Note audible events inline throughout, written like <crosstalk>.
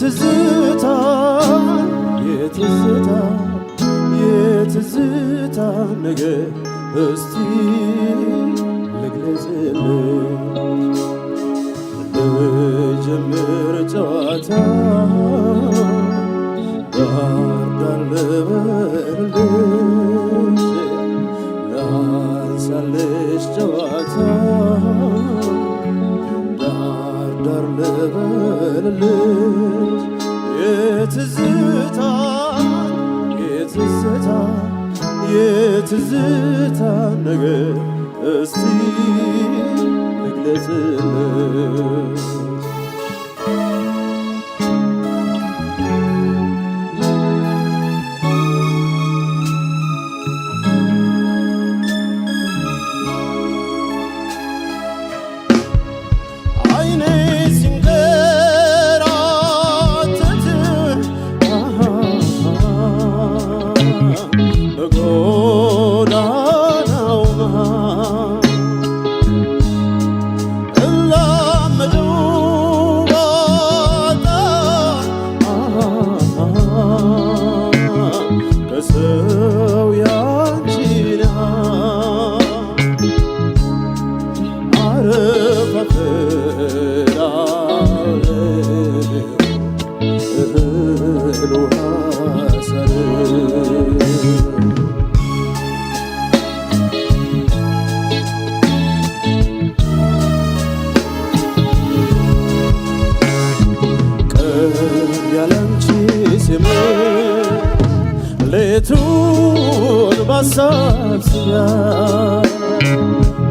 የትዝታ የትዝታ የትዝታ ነገር እስቲ ልግለጽል ልጀምር ጨዋታ ዳርዳር ጨዋታ ልበልልሽ የትዝታ የትዝታ የትዝታ ነገር እስቲ ልግለጽልሽ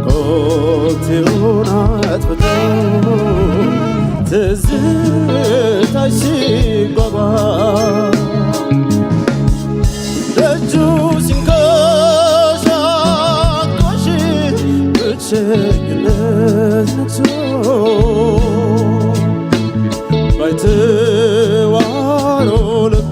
ኮቴውን አጥፍቶ ትዝታሽ ሲጓጓ ደጁ ሲንከሻኮሽ ብቸኝነት ነግሶ ባይተዋሮ ልቤ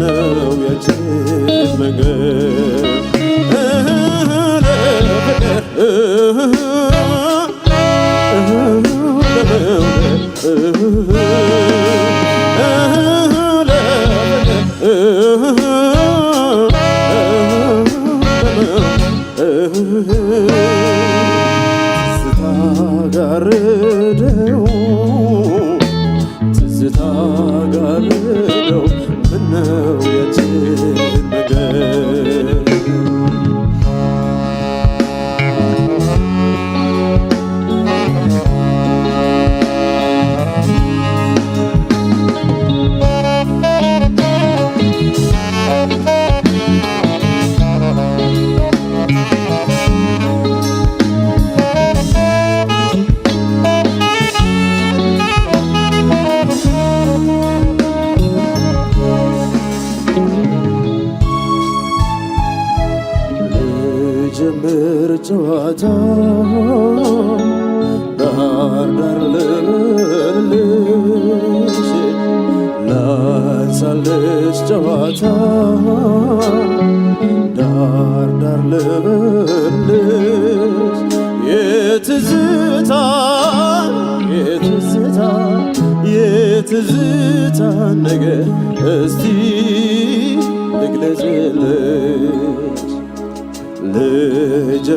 ነው ያንቺን ነገር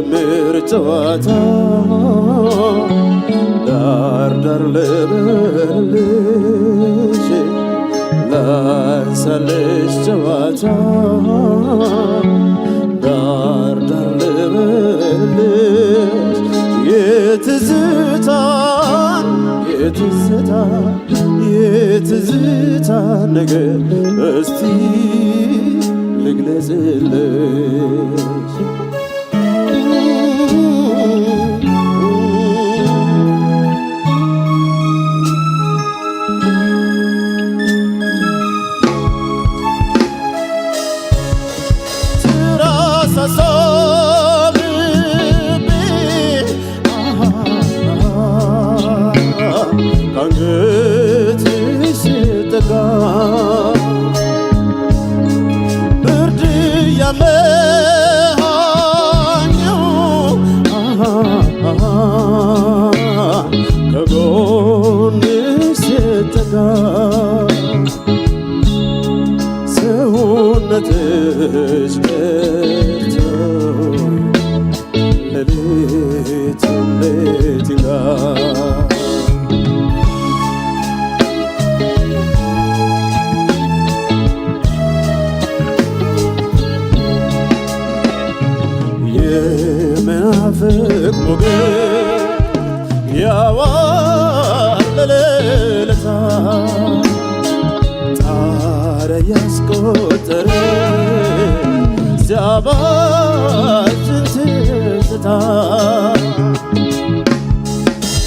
የክብር ጨዋታ ዳር ዳር ልበልሽ ላንሳልሽ ጨዋታ ዳር ዳር ልበልሽ የትዝታን የትዝታን የትዝታን ነገር እስቲ ልግለጽልሽ Oh. የመናፍቅ ሞገድ ያዋለለ ለታ ጣረ ያስቆጠረ ዛባችን ትዝታ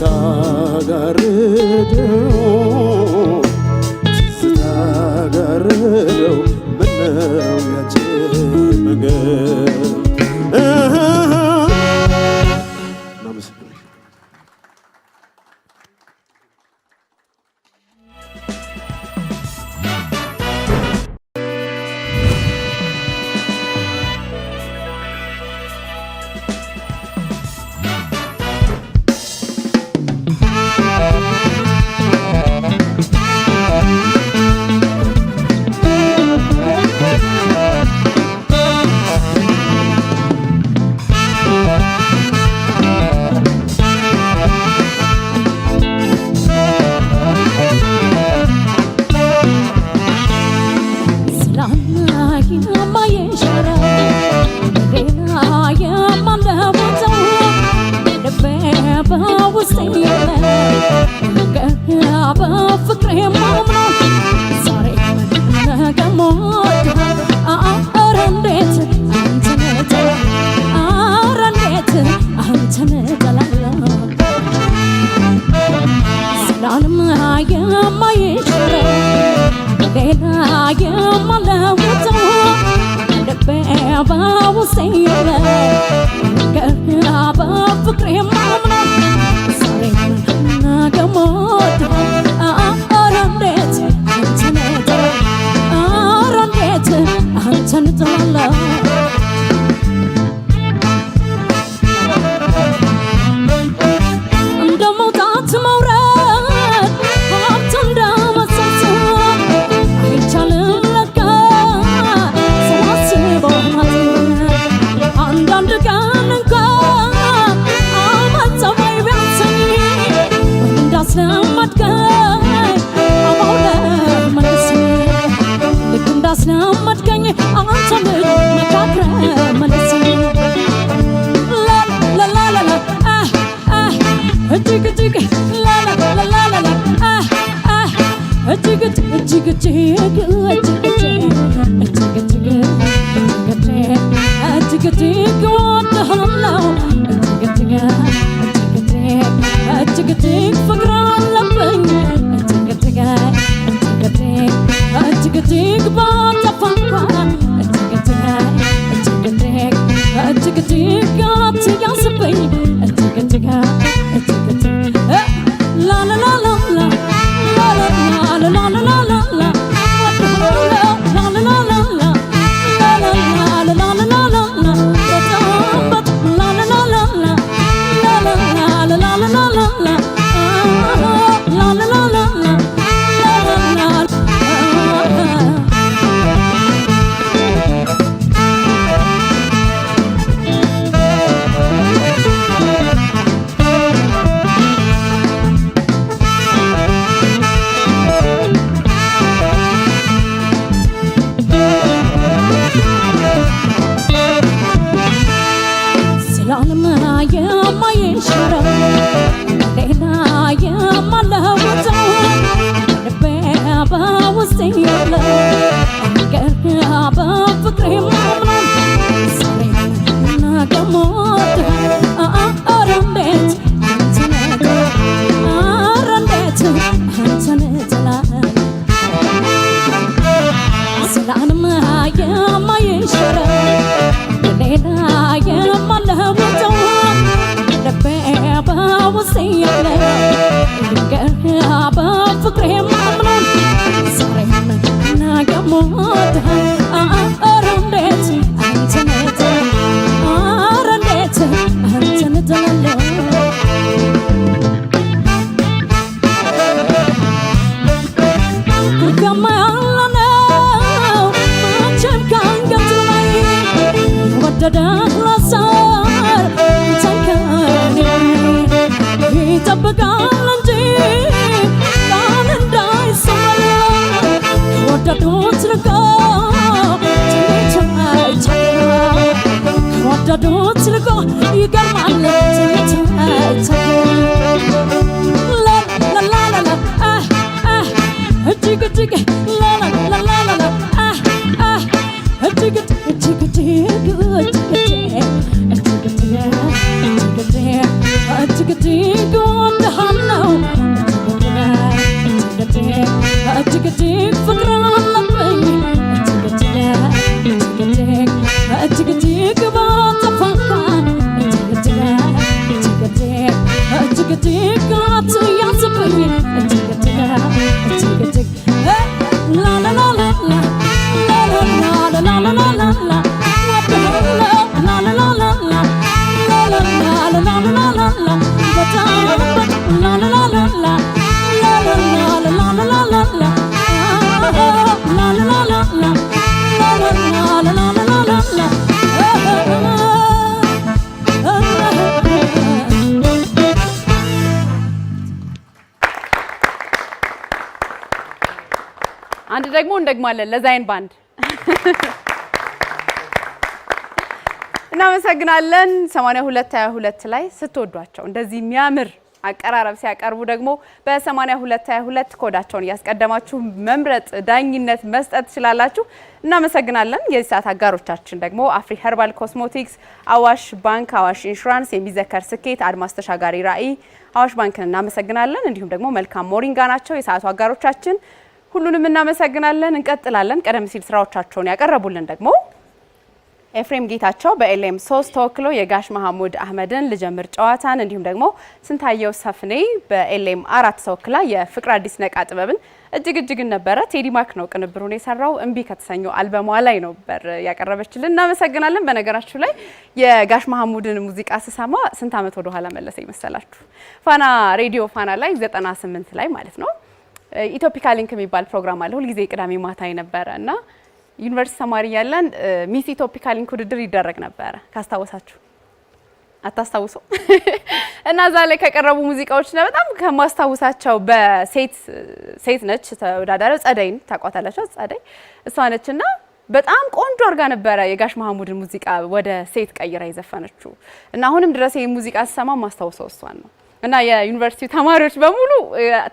Тагар gece gece ወዳዶት ልቆ ይገርማል እንደግማለን ለዛይን ባንድ እናመሰግናለን። 8222 ላይ ስትወዷቸው እንደዚህ የሚያምር አቀራረብ ሲያቀርቡ ደግሞ በ8222 ኮዳቸውን እያስቀደማችሁ መምረጥ፣ ዳኝነት መስጠት ትችላላችሁ። እናመሰግናለን። የዚህ ሰዓት አጋሮቻችን ደግሞ አፍሪ ኸርባል ኮስሞቲክስ፣ አዋሽ ባንክ፣ አዋሽ ኢንሹራንስ፣ የሚዘከር ስኬት፣ አድማስ ተሻጋሪ ራዕይ፣ አዋሽ ባንክን እናመሰግናለን። እንዲሁም ደግሞ መልካም ሞሪንጋ ናቸው የሰዓቱ አጋሮቻችን። ሁሉንም እናመሰግናለን። እንቀጥላለን። ቀደም ሲል ስራዎቻቸውን ያቀረቡልን ደግሞ ኤፍሬም ጌታቸው በኤልኤም ሶስት ተወክሎ የጋሽ መሐሙድ አህመድን ልጀምር ጨዋታን እንዲሁም ደግሞ ስንታየው ሰፍኔ በኤልኤም አራት ተወክላ የፍቅር አዲስ ነቃ ጥበብን እጅግ እጅግን ነበረ። ቴዲ ማክ ነው ቅንብሩን የሰራው። እምቢ ከተሰኘ አልበሟ ላይ ነበር ያቀረበችልን። እናመሰግናለን። በነገራችሁ ላይ የጋሽ መሐሙድን ሙዚቃ ስሰማ ስንት ዓመት ወደኋላ መለሰ ይመሰላችሁ? ፋና ሬዲዮ ፋና ላይ 98 ላይ ማለት ነው ኢትዮፒካ ሊንክ የሚባል ፕሮግራም አለ። ሁልጊዜ ቅዳሜ ማታ የነበረ እና ዩኒቨርሲቲ ተማሪ ያለን ሚስ ኢትዮፒካ ሊንክ ውድድር ይደረግ ነበረ ካስታወሳችሁ አታስታውሱ <laughs> እና እዛ ላይ ከቀረቡ ሙዚቃዎች ነው በጣም ከማስታውሳቸው በሴት ሴት ነች ተወዳዳሪ ጸደይን ታቋታላችሁ ጸደይ እሷ ነች እና በጣም ቆንጆ አድርጋ ነበረ የጋሽ መሐሙድን ሙዚቃ ወደ ሴት ቀይራ የዘፈነችው እና አሁንም ድረስ ይህ ሙዚቃ ስሰማ ማስታውሰው እሷን ነው እና የዩኒቨርሲቲ ተማሪዎች በሙሉ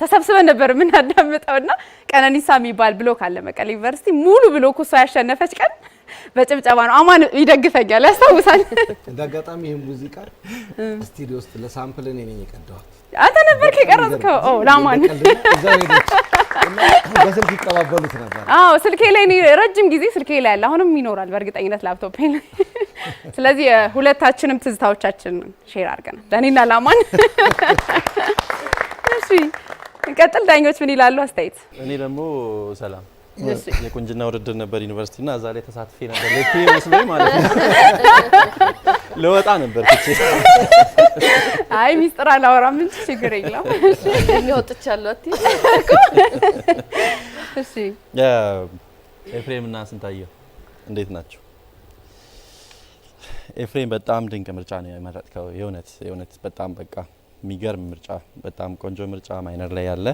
ተሰብስበን ነበር የምናዳምጠው። እና ቀነኒሳ የሚባል ብሎክ አለ መቀሌ ዩኒቨርሲቲ ሙሉ ብሎክ እሷ ያሸነፈች ቀን በጭብጨባ ነው። አማን ይደግፈኛል፣ ያስታውሳል። እንደ አጋጣሚ ይህ ሙዚቃ ስቱዲዮ ውስጥ ለሳምፕል እኔ ነኝ የቀዳኋት። አንተ ነበርክ የቀረጽከው? ለአማን በስልክ ይቀባበሉት ነበር። አዎ ስልኬ ላይ ረጅም ጊዜ ስልኬ ላይ ያለ አሁንም ይኖራል በእርግጠኝነት ላፕቶፕ ላይ ስለዚህ ሁለታችንም ትዝታዎቻችን ሼር አድርገናል ለእኔና ላማን። እሺ ቀጥል። ዳኞች ምን ይላሉ? አስተያየት እኔ ደግሞ ሰላም የቁንጅና ውድድር ነበር ዩኒቨርሲቲ እና እዛ ላይ ተሳትፌ ነበር። ለቲ መስሎኝ ማለት ነው ለወጣ <laughs> ነበር ብቻ። አይ ሚስጥር አላወራም እንጂ ችግር የለም። እሺ ወጥቻለሁ። አቲ እሺ ኤፍሬም እና እንዴት ናቸው? ኤፍሬም በጣም ድንቅ ምርጫ ነው የመረጥከው። የእውነት የእውነት በጣም በቃ የሚገርም ምርጫ፣ በጣም ቆንጆ ምርጫ። ማይነር ላይ ያለ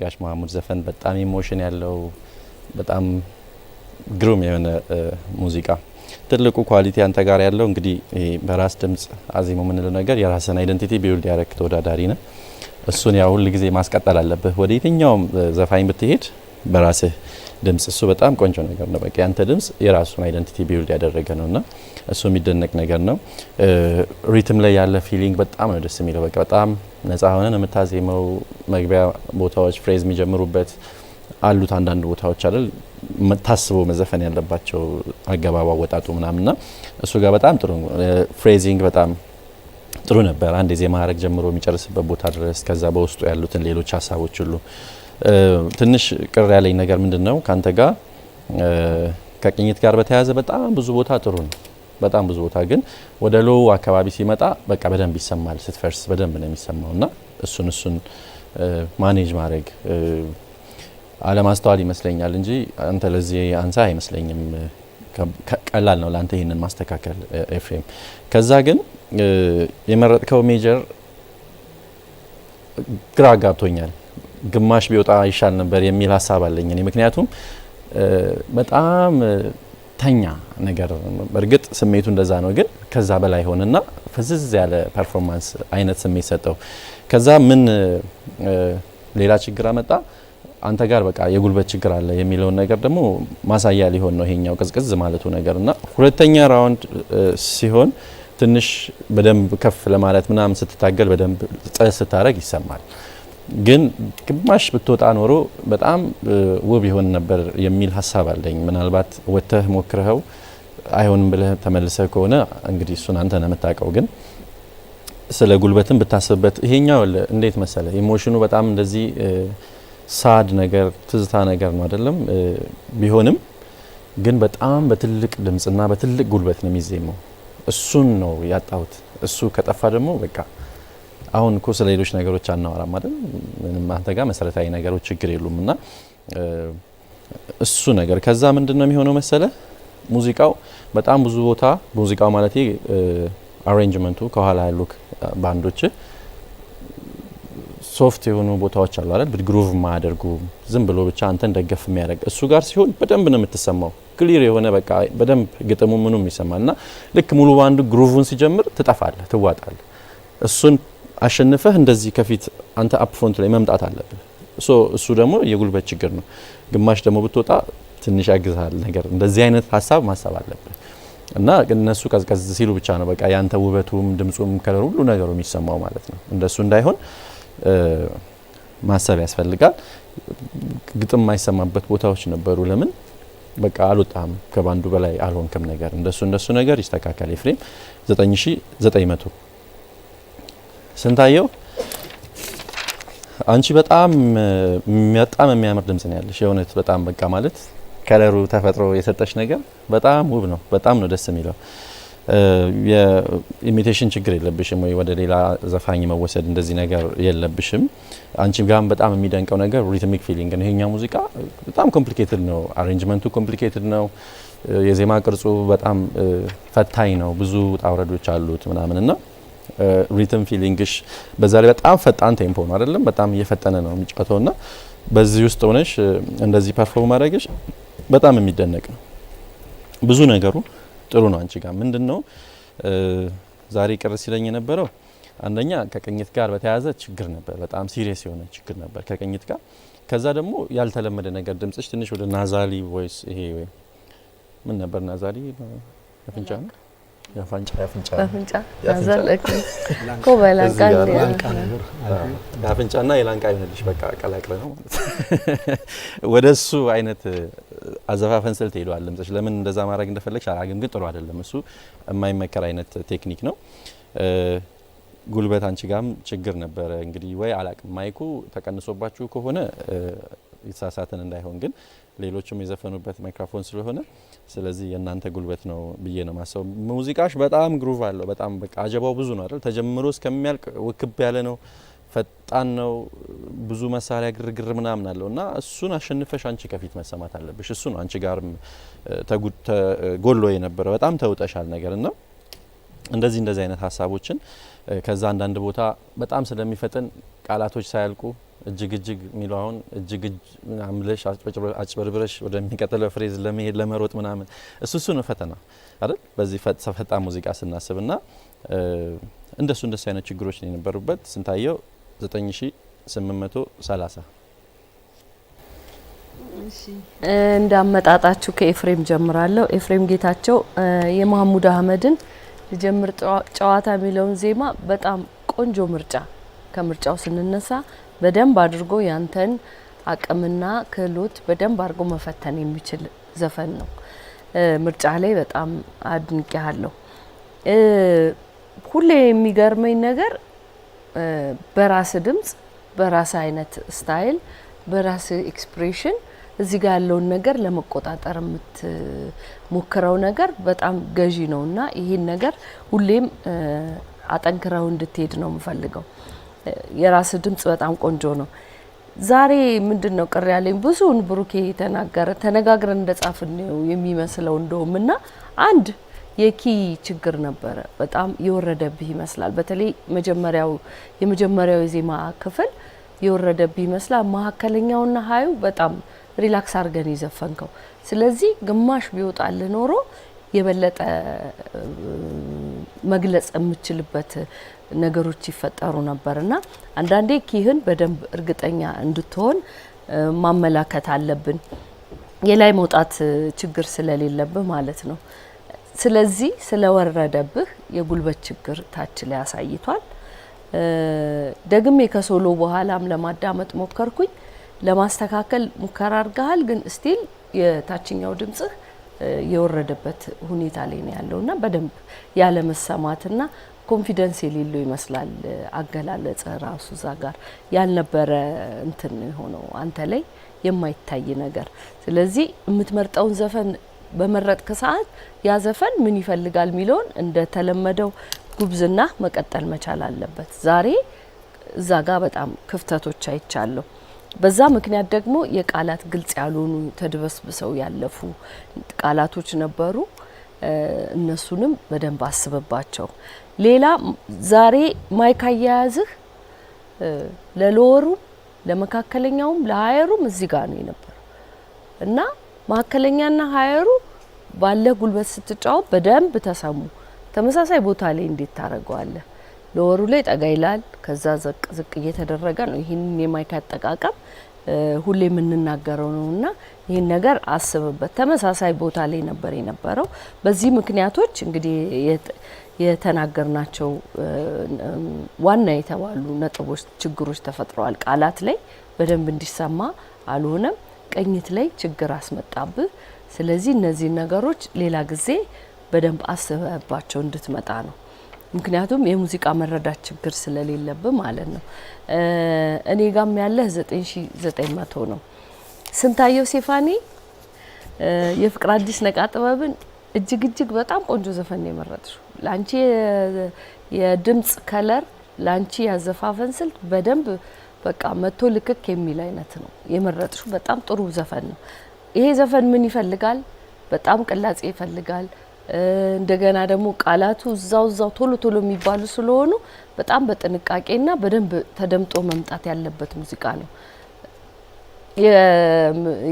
ጋሽ መሀሙድ ዘፈን በጣም ኢሞሽን ያለው በጣም ግሩም የሆነ ሙዚቃ። ትልቁ ኳሊቲ አንተ ጋር ያለው እንግዲህ በራስ ድምጽ አዜሞ የምንለው ነገር የራስን አይደንቲቲ ቢውልድ ያደረግ ተወዳዳሪ ነ እሱን ያው ሁል ጊዜ ማስቀጠል አለብህ። ወደ የትኛውም ዘፋኝ ብትሄድ በራስህ ድምጽ እሱ በጣም ቆንጆ ነገር ነው። በቃ ያንተ ድምጽ የራሱን አይደንቲቲ ቢውልድ ያደረገ ነውና እሱ የሚደነቅ ነገር ነው። ሪትም ላይ ያለ ፊሊንግ በጣም ነው ደስ የሚለው። በቃ በጣም ነጻ ሆነን የምታዜመው መግቢያ ቦታዎች ፍሬዝ የሚጀምሩበት አሉት አንዳንድ ቦታዎች አይደል ታስቦ መዘፈን ያለባቸው አገባቡ አወጣጡ ምናምንና እሱ ጋር በጣም ጥሩ ፍሬዚንግ በጣም ጥሩ ነበር። አንድ የዜማ ማድረግ ጀምሮ የሚጨርስበት ቦታ ድረስ ከዛ በውስጡ ያሉትን ሌሎች ሀሳቦች ሁሉ ትንሽ ቅር ያለኝ ነገር ምንድን ነው ከአንተ ጋር ከቅኝት ጋር በተያያዘ በጣም ብዙ ቦታ ጥሩ ነው በጣም ብዙ ቦታ ግን ወደ ሎው አካባቢ ሲመጣ በቃ በደንብ ይሰማል። ስትፈርስ በደንብ ነው የሚሰማው እና እሱን እሱን ማኔጅ ማድረግ አለማስተዋል ይመስለኛል እንጂ አንተ ለዚህ አንሳ አይመስለኝም። ቀላል ነው ለአንተ ይህንን ማስተካከል ኤፍሬም። ከዛ ግን የመረጥከው ሜጀር ግራ ጋብቶኛል። ግማሽ ቢወጣ ይሻል ነበር የሚል ሀሳብ አለኝ እኔ ምክንያቱም በጣም ተኛ ነገር እርግጥ ስሜቱ እንደዛ ነው፣ ግን ከዛ በላይ ሆነና ፍዝዝ ያለ ፐርፎርማንስ አይነት ስሜት ሰጠው። ከዛ ምን ሌላ ችግር አመጣ አንተ ጋር በቃ የጉልበት ችግር አለ የሚለውን ነገር ደግሞ ማሳያ ሊሆን ነው ይሄኛው ቅዝቅዝ ማለቱ ነገር እና ሁለተኛ ራውንድ ሲሆን ትንሽ በደንብ ከፍ ለማለት ምናምን ስትታገል በደንብ ጥ ስታደረግ ይሰማል። ግን ግማሽ ብትወጣ ኖሮ በጣም ውብ ይሆን ነበር የሚል ሀሳብ አለኝ። ምናልባት ወጥተህ ሞክረኸው አይሆንም ብለህ ተመልሰህ ከሆነ እንግዲህ እሱን አንተ ነው የምታውቀው። ግን ስለ ጉልበትን ብታስብበት ይሄኛው እንዴት መሰለ ኢሞሽኑ በጣም እንደዚህ ሳድ ነገር ትዝታ ነገር ነው አይደለም። ቢሆንም ግን በጣም በትልቅ ድምጽና በትልቅ ጉልበት ነው የሚዜመው። እሱን ነው ያጣሁት። እሱ ከጠፋ ደግሞ በቃ አሁን እኮ ስለ ሌሎች ነገሮች አናወራም አይደል? ምንም አንተ ጋር መሰረታዊ ነገሮች ችግር የሉም እና እሱ ነገር ከዛ ምንድን ነው የሚሆነው መሰለ ሙዚቃው በጣም ብዙ ቦታ ሙዚቃው ማለት አሬንጅመንቱ ከኋላ ያሉ ባንዶች ሶፍት የሆኑ ቦታዎች አሉ አይደል? ግሩቭ ማያደርጉ ዝም ብሎ ብቻ አንተን ደገፍ የሚያደርግ እሱ ጋር ሲሆን በደንብ ነው የምትሰማው። ክሊር የሆነ በቃ በደንብ ግጥሙ ምኑ የሚሰማ እና ልክ ሙሉ ባንዱ ግሩቭን ሲጀምር ትጠፋለህ፣ ትዋጣለህ። እሱን አሸንፈህ እንደዚህ ከፊት አንተ አፕ ፍሮንት ላይ መምጣት አለብን። እሱ ደግሞ የጉልበት ችግር ነው። ግማሽ ደግሞ ብትወጣ ትንሽ ያግዛል ነገር እንደዚህ አይነት ሀሳብ ማሰብ አለብን እና እነሱ ቀዝቀዝ ሲሉ ብቻ ነው በቃ ያንተ ውበቱም ድምፁም ከለር ሁሉ ነገሩ የሚሰማው ማለት ነው። እንደሱ እንዳይሆን ማሰብ ያስፈልጋል። ግጥም የማይሰማበት ቦታዎች ነበሩ። ለምን በቃ አልወጣም፣ ከባንዱ በላይ አልሆንክም ነገር እንደሱ እንደሱ ነገር ይስተካከል። ዘጠኝ መቶ ስንታየው አንቺ በጣም በጣም የሚያምር ድምጽ ነው ያለሽ። የእውነት በጣም በቃ ማለት ከለሩ ተፈጥሮ የሰጠሽ ነገር በጣም ውብ ነው። በጣም ነው ደስ የሚለው። የኢሚቴሽን ችግር የለብሽም ወይ ወደ ሌላ ዘፋኝ መወሰድ እንደዚህ ነገር የለብሽም። አንቺ ጋም በጣም የሚደንቀው ነገር ሪትሚክ ፊሊንግ ነው። ይሄኛ ሙዚቃ በጣም ኮምፕሊኬትድ ነው፣ አሬንጅመንቱ ኮምፕሊኬትድ ነው፣ የዜማ ቅርጹ በጣም ፈታኝ ነው፣ ብዙ ውጣ ውረዶች አሉት ምናምን እና ሪትም ፊሊንግሽ በዛ ላይ በጣም ፈጣን ቴምፖ ነው አይደለም? በጣም እየፈጠነ ነው የሚጫወተው እና በዚህ ውስጥ ሆነሽ እንደዚህ ፐርፎርም ማድረግሽ በጣም የሚደነቅ ነው። ብዙ ነገሩ ጥሩ ነው። አንቺ ጋር ምንድን ነው ዛሬ ቅር ሲለኝ የነበረው አንደኛ ከቅኝት ጋር በተያያዘ ችግር ነበር። በጣም ሲሪየስ የሆነ ችግር ነበር ከቅኝት ጋር። ከዛ ደግሞ ያልተለመደ ነገር ድምጽሽ ትንሽ ወደ ናዛሊ ቮይስ ይሄ ምን ነበር ናዛሊ አፍንጫ ነው የአፍንጫና የላንቃ ይሆንልሽ በቃ ቀላቅለ ነው ማለት <laughs> ወደ እሱ አይነት አዘፋፈን ስልት ሄደዋል ድምጽሽ። ለምን እንደዛ ማድረግ እንደፈለግሽ አላግም፣ ግን ጥሩ አይደለም። እሱ የማይመከር አይነት ቴክኒክ ነው። ጉልበት አንቺ ጋም ችግር ነበረ እንግዲህ ወይ አላቅ ማይኩ ተቀንሶባችሁ ከሆነ የተሳሳትን እንዳይሆን ግን ሌሎቹም የዘፈኑበት ማይክሮፎን ስለሆነ ስለዚህ የእናንተ ጉልበት ነው ብዬ ነው ማሰው። ሙዚቃሽ በጣም ግሩቭ አለው። በጣም በቃ አጀባው ብዙ ነው አይደል? ተጀምሮ እስከሚያልቅ ውክብ ያለ ነው፣ ፈጣን ነው፣ ብዙ መሳሪያ ግርግር ምናምን አለው እና እሱን አሸንፈሽ አንቺ ከፊት መሰማት አለብሽ። እሱ ነው አንቺ ጋርም ተጎሎ የነበረ በጣም ተውጠሻል ነገር ነው። እንደዚህ እንደዚህ አይነት ሀሳቦችን ከዛ አንዳንድ ቦታ በጣም ስለሚፈጥን ቃላቶች ሳያልቁ እጅግ እጅግ የሚለው አሁን እጅግ ምናምን አምለሽ አጭበርብረሽ ወደሚቀጥለው ፍሬዝ ለመሄድ ለመሮጥ ምናምን እሱ እሱ ነው ፈተና አይደል? በዚህ ፈጣ ሙዚቃ ስናስብ ና እንደሱ እንደሱ አይነት ችግሮች ነው የነበሩበት። ስንታየው 9830 እንዳመጣጣችሁ ከኤፍሬም ጀምራለሁ። ኤፍሬም ጌታቸው የማህሙድ አህመድን ጀምር ጨዋታ የሚለውን ዜማ በጣም ቆንጆ ምርጫ ከምርጫው ስንነሳ በደንብ አድርጎ ያንተን አቅምና ክህሎት በደንብ አድርጎ መፈተን የሚችል ዘፈን ነው። ምርጫ ላይ በጣም አድንቄሃለሁ። ሁሌ የሚገርመኝ ነገር በራስ ድምፅ፣ በራስ አይነት ስታይል፣ በራስ ኤክስፕሬሽን እዚህ ጋር ያለውን ነገር ለመቆጣጠር የምትሞክረው ነገር በጣም ገዢ ነው እና ይህን ነገር ሁሌም አጠንክረው እንድትሄድ ነው የምፈልገው። የራስ ድምጽ በጣም ቆንጆ ነው። ዛሬ ምንድን ነው ቅር ያለኝ ብዙውን ብሩኬ ተናገረ ተነጋግረን እንደ ጻፍን ነው የሚመስለው እንደውም እና አንድ የኪ ችግር ነበረ። በጣም የወረደብህ ይመስላል። በተለይ መጀመሪያው የመጀመሪያው የዜማ ክፍል የወረደብህ ይመስላል። መካከለኛውና ሀዩ በጣም ሪላክስ አድርገን የዘፈንከው። ስለዚህ ግማሽ ቢወጣልህ ኖሮ የበለጠ መግለጽ የምችልበት ነገሮች ይፈጠሩ ነበር እና አንዳንዴ ኪህን በደንብ እርግጠኛ እንድትሆን ማመላከት አለብን። የላይ መውጣት ችግር ስለሌለብህ ማለት ነው። ስለዚህ ስለወረደብህ የጉልበት ችግር ታች ላይ አሳይቷል። ደግሜ ከሶሎ በኋላም ለማዳመጥ ሞከርኩኝ። ለማስተካከል ሙከራ አድርገሃል፣ ግን ስቲል የታችኛው ድምጽህ የወረደበት ሁኔታ ላይ ነው ያለው እና በደንብ ያለመሰማትና ኮንፊደንስ የሌለው ይመስላል አገላለጽ ራሱ እዛ ጋር ያልነበረ እንትን ነው የሆነው አንተ ላይ የማይታይ ነገር። ስለዚህ የምትመርጠውን ዘፈን በመረጥክ ሰዓት ያ ዘፈን ምን ይፈልጋል የሚለውን እንደተለመደው ጉብዝና መቀጠል መቻል አለበት። ዛሬ እዛ ጋር በጣም ክፍተቶች አይቻለሁ። በዛ ምክንያት ደግሞ የቃላት ግልጽ ያልሆኑ ተድበስብሰው ያለፉ ቃላቶች ነበሩ። እነሱንም በደንብ አስብባቸው። ሌላ ዛሬ ማይክ አያያዝህ ለሎወሩም ለመካከለኛውም ለሀየሩም እዚህ ጋር ነው የነበረው እና መካከለኛና ሀየሩ ባለ ጉልበት ስትጫወት በደንብ ተሰሙ። ተመሳሳይ ቦታ ላይ እንዴት ታደርገዋለህ? ለወሩ ላይ ጠጋ ይላል። ከዛ ዝቅ ዝቅ እየተደረገ ነው። ይህንን የማይክ አጠቃቀም ሁሌ የምንናገረው ነው እና ይህን ነገር አስብበት። ተመሳሳይ ቦታ ላይ ነበር የነበረው። በዚህ ምክንያቶች እንግዲህ የተናገርናቸው ዋና የተባሉ ነጥቦች፣ ችግሮች ተፈጥረዋል። ቃላት ላይ በደንብ እንዲሰማ አልሆነም። ቅኝት ላይ ችግር አስመጣብህ። ስለዚህ እነዚህን ነገሮች ሌላ ጊዜ በደንብ አስበባቸው እንድትመጣ ነው። ምክንያቱም የሙዚቃ መረዳት ችግር ስለሌለብ ማለት ነው። እኔ ጋም ያለህ 9900 ነው። ስንታየው ሴፋኔ የፍቅር አዲስ ነቃ ጥበብን እጅግ እጅግ በጣም ቆንጆ ዘፈን ነው የመረጥሽው። ለአንቺ የድምፅ ከለር፣ ለአንቺ ያዘፋፈን ስልት በደንብ በቃ መቶ ልክክ የሚል አይነት ነው የመረጥሽው። በጣም ጥሩ ዘፈን ነው። ይሄ ዘፈን ምን ይፈልጋል? በጣም ቅላጼ ይፈልጋል። እንደገና ደግሞ ቃላቱ እዛው እዛው ቶሎ ቶሎ የሚባሉ ስለሆኑ በጣም በጥንቃቄና በደንብ ተደምጦ መምጣት ያለበት ሙዚቃ ነው።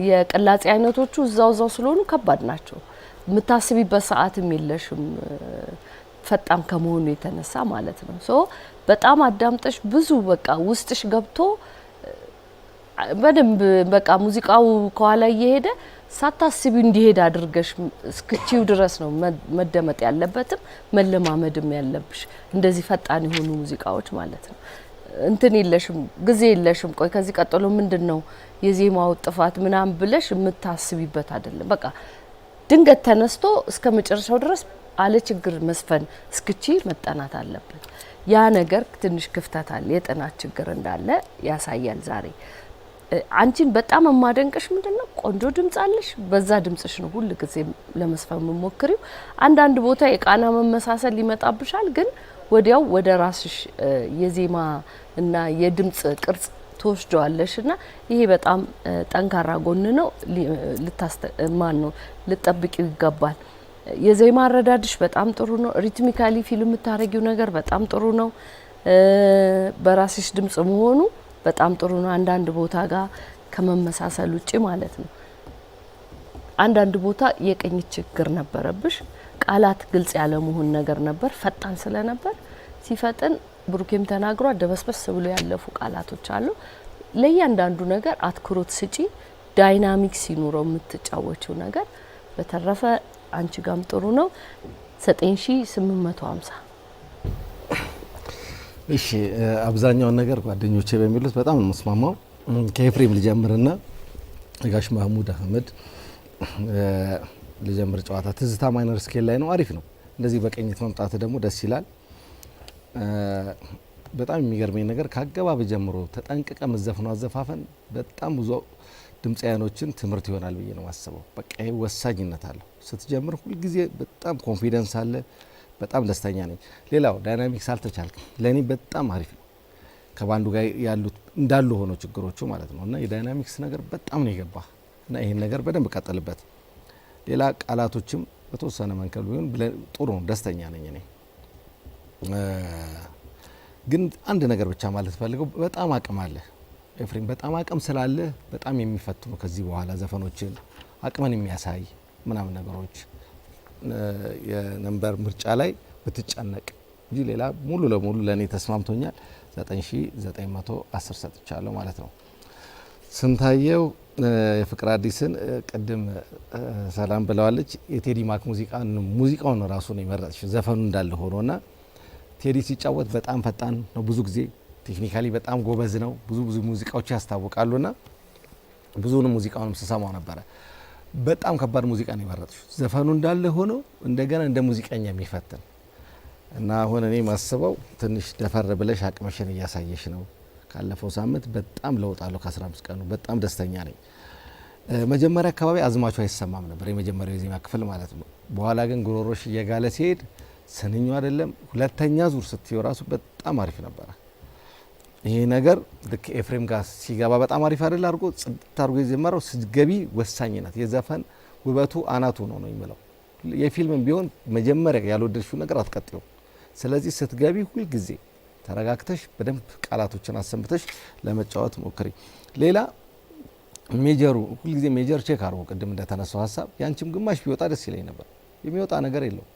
የቅላጼ አይነቶቹ እዛው እዛው ስለሆኑ ከባድ ናቸው። የምታስቢበት ሰዓትም የለሽም ፈጣን ከመሆኑ የተነሳ ማለት ነው። ሶ በጣም አዳምጠሽ ብዙ በቃ ውስጥሽ ገብቶ በደንብ በቃ ሙዚቃው ከኋላ እየሄደ ሳታስብ እንዲሄድ አድርገሽ እስክቺው ድረስ ነው መደመጥ ያለበትም መለማመድም ያለብሽ እንደዚህ ፈጣን የሆኑ ሙዚቃዎች ማለት ነው። እንትን የለሽም ጊዜ የለሽም። ቆይ ከዚህ ቀጥሎ ምንድን ነው የዜማው ጥፋት ምናምን ብለሽ የምታስቢበት አይደለም። በቃ ድንገት ተነስቶ እስከ መጨረሻው ድረስ አለ ችግር መስፈን እስክቺ መጠናት አለበት። ያ ነገር ትንሽ ክፍተት አለ፣ የጥናት ችግር እንዳለ ያሳያል ዛሬ አንቺን በጣም የማደንቅሽ ምንድን ነው ቆንጆ ድምጽ አለሽ። በዛ ድምጽሽ ነው ሁል ጊዜ ለመስፈን የምሞክሪው። አንዳንድ ቦታ የቃና መመሳሰል ሊመጣብሻል፣ ግን ወዲያው ወደ ራስሽ የዜማ እና የድምጽ ቅርጽ ትወስደዋለሽ እና ይሄ በጣም ጠንካራ ጎን ነው። ልታስተማን ነው ልጠብቂው ይገባል። የዜማ አረዳድሽ በጣም ጥሩ ነው። ሪትሚካሊ ፊልም የምታረጊው ነገር በጣም ጥሩ ነው። በራስሽ ድምጽ መሆኑ በጣም ጥሩ ነው። አንዳንድ ቦታ ጋር ከመመሳሰል ውጭ ማለት ነው። አንዳንድ ቦታ የቅኝ ችግር ነበረብሽ። ቃላት ግልጽ ያለ መሆን ነገር ነበር። ፈጣን ስለነበር ሲፈጥን ብሩኬም ተናግሮ ደበስበስ ብሎ ያለፉ ቃላቶች አሉ። ለእያንዳንዱ ነገር አትኩሮት ስጪ። ዳይናሚክ ሲኖረው የምትጫወችው ነገር በተረፈ አንቺ ጋም ጥሩ ነው። 9850 እሺ አብዛኛውን ነገር ጓደኞቼ በሚሉት በጣም ነው የምስማማው። ከኤፍሬም ልጀምርና ጋሽ ማህሙድ አህመድ ልጀምር። ጨዋታ ትዝታ ማይነር ስኬል ላይ ነው። አሪፍ ነው። እንደዚህ በቀኝት መምጣት ደግሞ ደስ ይላል። በጣም የሚገርመኝ ነገር ከአገባብ ጀምሮ ተጠንቅቀ መዘፍኑ አዘፋፈን በጣም ብዙ ድምፃያኖችን ትምህርት ይሆናል ብዬ ነው ማስበው። በቃ ወሳኝነት አለሁ ስትጀምር ሁልጊዜ በጣም ኮንፊደንስ አለ በጣም ደስተኛ ነኝ። ሌላው ዳይናሚክስ አልተቻልክ ለእኔ በጣም አሪፍ ነው። ከባንዱ ጋር ያሉት እንዳሉ ሆኖ ችግሮቹ ማለት ነው እና የዳይናሚክስ ነገር በጣም ነው የገባ እና ይህን ነገር በደንብ ቀጥልበት። ሌላ ቃላቶችም በተወሰነ መንከል ቢሆን ጥሩ ነው። ደስተኛ ነኝ እኔ። ግን አንድ ነገር ብቻ ማለት ፈልገው በጣም አቅም አለ ኤፍሬም፣ በጣም አቅም ስላለህ በጣም የሚፈትኑ ከዚህ በኋላ ዘፈኖችን አቅምን የሚያሳይ ምናምን ነገሮች የነንበር ምርጫ ላይ ብትጨነቅ እንጂ ሌላ ሙሉ ለሙሉ ለእኔ ተስማምቶኛል። 9910 ሰጥቻለሁ ማለት ነው። ስንታየው የፍቅር አዲስን ቅድም ሰላም ብለዋለች። የቴዲ ማክ ሙዚቃ ሙዚቃውን ራሱ ነው የመረጥሽ ዘፈኑ እንዳለ ሆኖና ቴዲ ሲጫወት በጣም ፈጣን ነው። ብዙ ጊዜ ቴክኒካሊ በጣም ጎበዝ ነው። ብዙ ብዙ ሙዚቃዎች ና ብዙውን ሙዚቃውንም ስሰማው ነበረ። በጣም ከባድ ሙዚቃ ነው የመረጥሽው። ዘፈኑ እንዳለ ሆኖ እንደገና እንደ ሙዚቀኛ የሚፈትን እና አሁን እኔ ማስበው ትንሽ ደፈር ብለሽ አቅመሽን እያሳየሽ ነው። ካለፈው ሳምንት በጣም ለውጥ አለው። ከ15 ቀኑ በጣም ደስተኛ ነኝ። መጀመሪያ አካባቢ አዝማቹ አይሰማም ነበር፣ የመጀመሪያው የዜማ ክፍል ማለት ነው። በኋላ ግን ጉሮሮሽ እየጋለ ሲሄድ ስንኙ አይደለም ሁለተኛ ዙር ስትየው ራሱ በጣም አሪፍ ነበረ። ይሄ ነገር ልክ ኤፍሬም ጋር ሲገባ በጣም አሪፍ አይደል አድርጎ ጽድት አድርጎ የጀመረው ስትገቢ ወሳኝ ናት። የዘፈን ውበቱ አናቱ ነው ነው የሚለው የፊልምም ቢሆን መጀመሪያ ያልወደድሽው ነገር አትቀጥዩም። ስለዚህ ስትገቢ ሁልጊዜ ተረጋግተሽ በደንብ ቃላቶችን አሰምተሽ ለመጫወት ሞክሪ። ሌላ ሜጀሩ ሁልጊዜ ሜጀር ቼክ አድርጎ ቅድም እንደተነሳው ሀሳብ ያንቺም ግማሽ ቢወጣ ደስ ይለኝ ነበር። የሚወጣ ነገር የለው።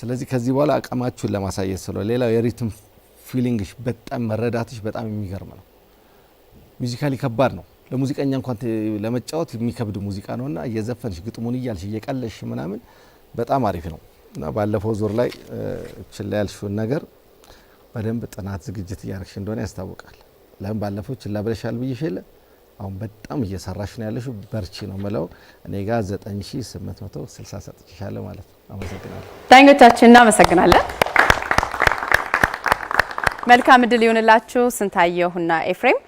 ስለዚህ ከዚህ በኋላ አቅማችሁን ለማሳየት ስለ ሌላው የሪትም ፊሊንግሽ በጣም መረዳትሽ በጣም የሚገርም ነው። ሙዚካሊ ከባድ ነው። ለሙዚቀኛ እንኳን ለመጫወት የሚከብድ ሙዚቃ ነው እና እየዘፈንሽ ግጥሙን እያልሽ እየቀለሽ ምናምን በጣም አሪፍ ነው እና ባለፈው ዙር ላይ ችላ ያልሽውን ነገር በደንብ ጥናት ዝግጅት እያደረግሽ እንደሆነ ያስታውቃል። ለምን ባለፈው ችላ ብለሻል ብዬሽ የለ አሁን በጣም እየሰራሽ ነው ያለሽ። በርቺ ነው ምለው። እኔ ጋር 9860 ሰጥቼሻለሁ ማለት ነው። አመሰግናለሁ። ዳኞቻችን እናመሰግናለን። መልካም እድል ይሆንላችሁ። ስንታየሁና ኤፍሬም